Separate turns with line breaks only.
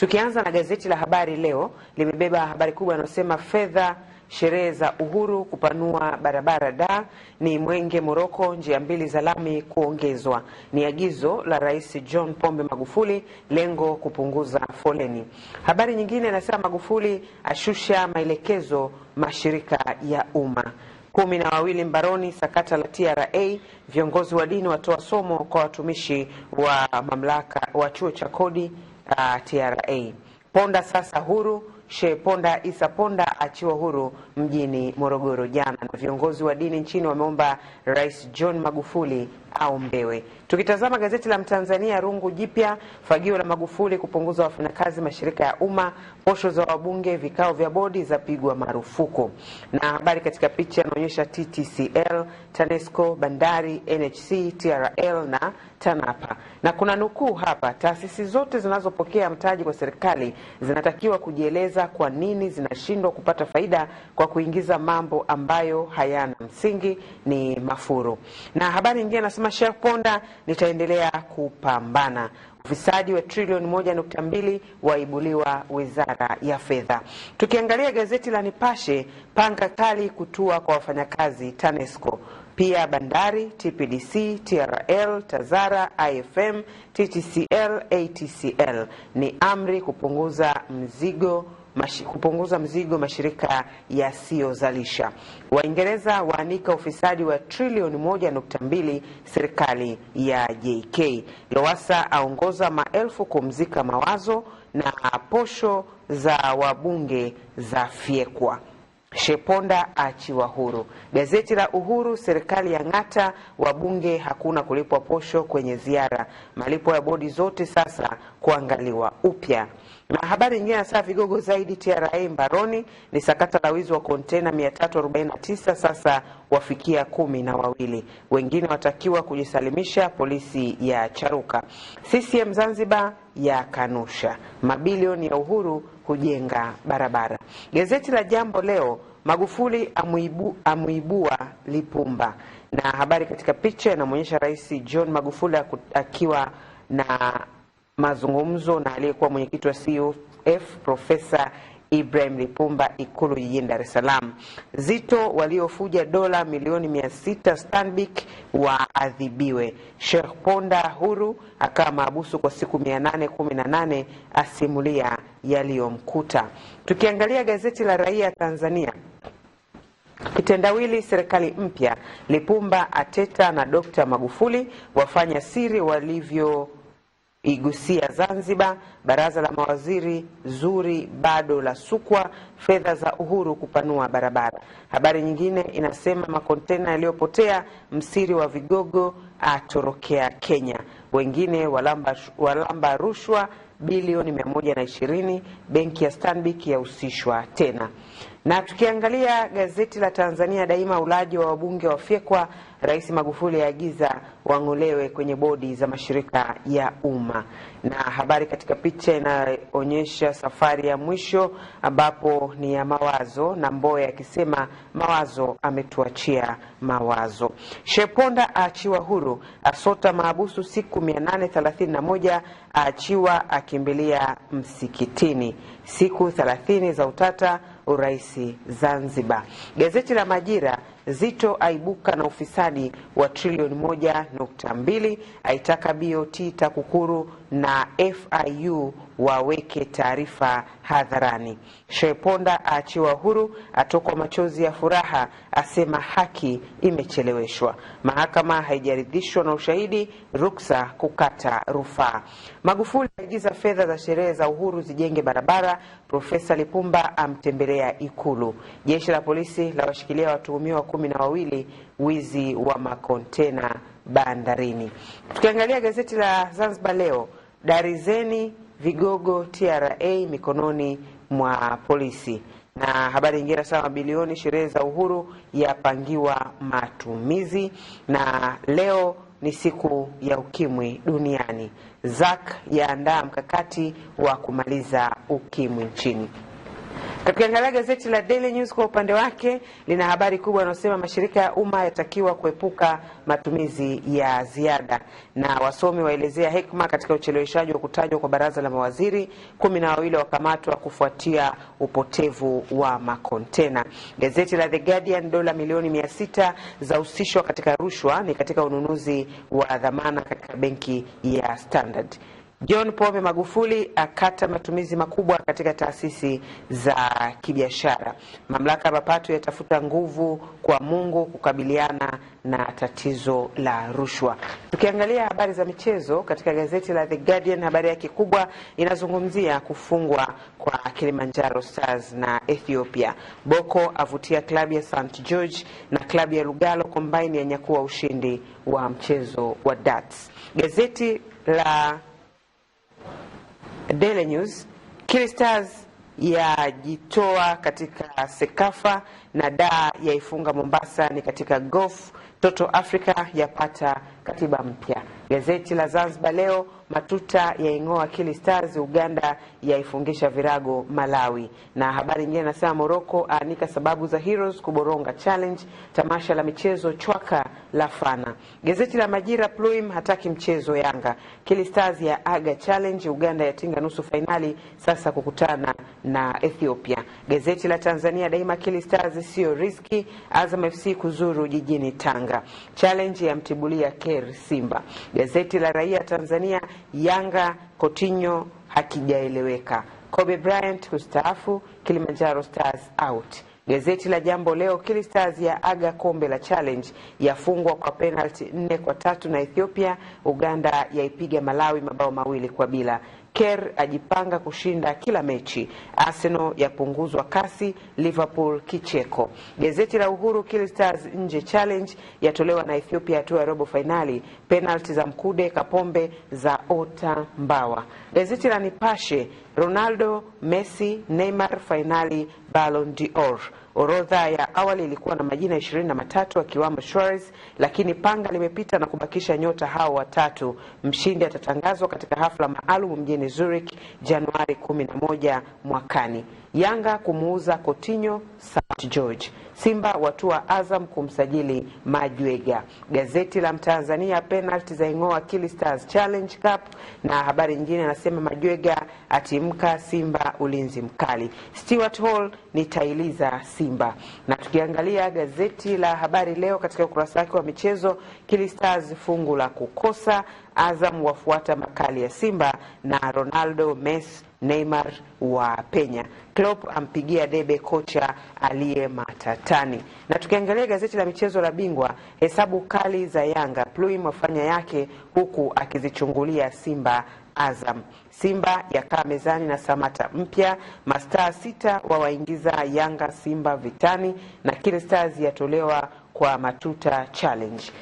Tukianza na gazeti la Habari Leo, limebeba habari kubwa inayosema fedha sherehe za uhuru kupanua barabara da ni Mwenge Moroko, njia mbili za lami kuongezwa. Ni agizo la Rais John Pombe Magufuli, lengo kupunguza foleni. Habari nyingine inasema Magufuli ashusha maelekezo mashirika ya umma. Kumi na wawili mbaroni sakata la TRA. Viongozi wa dini watoa somo kwa watumishi wa mamlaka wa chuo cha kodi uh, ah, TRA. Ponda sasa huru Sheikh Ponda Isa Ponda achiwa huru mjini Morogoro jana, na viongozi wa dini nchini wameomba Rais John Magufuli aombewe. Tukitazama gazeti la Mtanzania rungu jipya, fagio la Magufuli kupunguza wafanyakazi mashirika ya umma, posho za wabunge, vikao vya bodi zapigwa marufuku. Na habari katika picha inaonyesha TTCL, TANESCO, bandari, NHC, TRL na TANAPA, na kuna nukuu hapa, taasisi zote zinazopokea mtaji kwa serikali zinatakiwa kujieleza kueleza kwa nini zinashindwa kupata faida kwa kuingiza mambo ambayo hayana msingi, ni mafuru. Na habari nyingine anasema Sheikh Ponda, nitaendelea kupambana ufisadi wa trilioni moja nukta mbili waibuliwa wizara ya fedha. Tukiangalia gazeti la Nipashe, panga kali kutua kwa wafanyakazi TANESCO, pia bandari, TPDC, TRL, Tazara, IFM, TTCL, ATCL, ni amri kupunguza mzigo mash, kupunguza mzigo mashirika yasiyozalisha. Waingereza waanika ufisadi wa trilioni moja nukta mbili serikali ya JK. Lowasa aongoza maelfu kumzika mawazo na posho za wabunge za fyekwa. Sheponda achiwa huru. Gazeti la Uhuru, serikali ya ng'ata, wabunge hakuna kulipwa posho kwenye ziara. Malipo ya bodi zote sasa kuangaliwa upya. Na habari nyingine ya saa vigogo zaidi TRA mbaroni ni sakata la wizi wa kontena 349 sasa wafikia kumi na wawili, wengine watakiwa kujisalimisha polisi ya Charuka. CCM Zanzibar ya kanusha mabilioni ya Uhuru hujenga barabara. Gazeti la Jambo Leo, Magufuli amuibu, amuibua Lipumba, na habari katika picha inamwonyesha Rais John Magufuli akiwa na mazungumzo na aliyekuwa mwenyekiti wa CUF Profesa Ibrahim Lipumba Ikulu jijini Dar es Salaam. Zito waliofuja dola milioni mia sita Stanbic waadhibiwe. Sheikh Ponda huru akawa maabusu kwa siku mia nane kumi na nane asimulia yaliyomkuta. Tukiangalia gazeti la Raia Tanzania Kitendawili serikali mpya, Lipumba ateta na Dkt Magufuli, wafanya siri walivyo igusia Zanzibar, baraza la mawaziri zuri bado la sukwa, fedha za Uhuru kupanua barabara. Habari nyingine inasema makontena yaliyopotea, msiri wa vigogo atorokea Kenya, wengine walamba, walamba rushwa bilioni 120, benki ya Stanbic yahusishwa tena. Na tukiangalia gazeti la Tanzania Daima, ulaji wa wabunge wafyekwa, Rais Magufuli aagiza wang'olewe kwenye bodi za mashirika ya umma. Na habari katika picha inaonyesha safari ya mwisho ambapo ni ya Mawazo na Mboya akisema Mawazo ametuachia mawazo. Sheponda aachiwa huru, asota maabusu siku 831 aachiwa akimbilia msikitini, siku 30 za utata urais Zanzibar. Gazeti la Majira, Zito aibuka na ufisadi wa trilioni moja nukta mbili aitaka BOT TAKUKURU na FIU waweke taarifa hadharani. Sheponda aachiwa huru, atokwa machozi ya furaha, asema haki imecheleweshwa. Mahakama haijaridhishwa na ushahidi, ruksa kukata rufaa. Magufuli aagiza fedha za sherehe za uhuru zijenge barabara. Profesa Lipumba amtembelea Ikulu. Jeshi la polisi la washikilia watuhumiwa kumi na wawili wizi wa makontena bandarini. Tukiangalia gazeti la Zanzibar Leo darizeni vigogo TRA mikononi mwa polisi. Na habari nyingine nasema mabilioni sherehe za uhuru yapangiwa matumizi, na leo ni siku ya ukimwi duniani. ZAK yaandaa mkakati wa kumaliza ukimwi nchini tukiangalia gazeti la Daily News kwa upande wake lina habari kubwa inayosema mashirika ya umma yatakiwa kuepuka matumizi ya ziada, na wasomi waelezea hekima katika ucheleweshaji wa kutajwa kwa baraza la mawaziri. Kumi na wawili wakamatwa kufuatia upotevu wa makontena. Gazeti la The Guardian, dola milioni mia sita zahusishwa katika rushwa, ni katika ununuzi wa dhamana katika benki ya Standard. John Pombe Magufuli akata matumizi makubwa katika taasisi za kibiashara. Mamlaka ya mapato yatafuta nguvu kwa Mungu kukabiliana na tatizo la rushwa. Tukiangalia habari za michezo katika gazeti la The Guardian, habari yake kubwa inazungumzia kufungwa kwa Kilimanjaro Stars na Ethiopia. Boko avutia klabu ya St George na klabu ya Lugalo Kombaini yanyakua ushindi wa mchezo wa darts. Gazeti la Daily News, Kili Stars yajitoa katika Sekafa na Daa yaifunga Mombasa ni katika Golf. Toto Africa yapata katiba mpya. Gazeti la Zanzibar leo Matuta yaing'oa Kili Stars, Uganda yaifungisha virago Malawi. Na habari nyingine inasema Moroko aanika sababu za Heroes kuboronga challenge. Tamasha la michezo chwaka la fana. Gazeti la Majira, Pluim hataki mchezo Yanga. Kili Stars ya aga challenge, Uganda yatinga nusu fainali, sasa kukutana na Ethiopia. Gazeti la Tanzania Daima, Kili Stars sio riski, Azam FC kuzuru jijini Tanga, challenge ya mtibulia ker Simba. Gazeti la Raia Tanzania Yanga kotinyo hakijaeleweka. Kobe Bryant kustaafu, Kilimanjaro Stars out. Gazeti la Jambo Leo, Kili Stars ya aga kombe la Challenge, yafungwa kwa penalti nne kwa tatu na Ethiopia. Uganda yaipiga Malawi mabao mawili kwa bila. Kerr ajipanga kushinda kila mechi. Arsenal yapunguzwa kasi, Liverpool kicheko. Gazeti la Uhuru, Kili Stars nje challenge yatolewa na Ethiopia hatua ya robo fainali, penalti za Mkude, Kapombe za ota Mbawa. Gazeti la Nipashe, Ronaldo, Messi, Neymar fainali Ballon d'Or. Orodha ya awali ilikuwa na majina ishirini na matatu akiwamo Suarez, lakini panga limepita na kubakisha nyota hao watatu. Mshindi atatangazwa katika hafla maalum mjini Zurich Januari 11 mwakani. Yanga kumuuza Coutinho St George, Simba watua Azam kumsajili Majwega. Gazeti la Mtanzania penalti za ing'oa Kili Stars Challenge Cup na habari nyingine anasema Majwega atimka Simba ulinzi mkali. Stewart Hall ni tailiza Simba. Na tukiangalia gazeti la Habari Leo katika ukurasa wake wa michezo, Kili Stars fungu la kukosa, Azam wafuata makali ya Simba na Ronaldo, Messi, Neymar wa penya. Klopp ampigia debe kocha aliye matatani. Na tukiangalia gazeti la michezo la Bingwa, hesabu kali za Yanga, Pluim afanya yake huku akizichungulia Simba Azam. Simba yakaa mezani na Samata mpya. Mastaa sita wawaingiza Yanga Simba vitani, na kile Stars yatolewa kwa matuta challenge.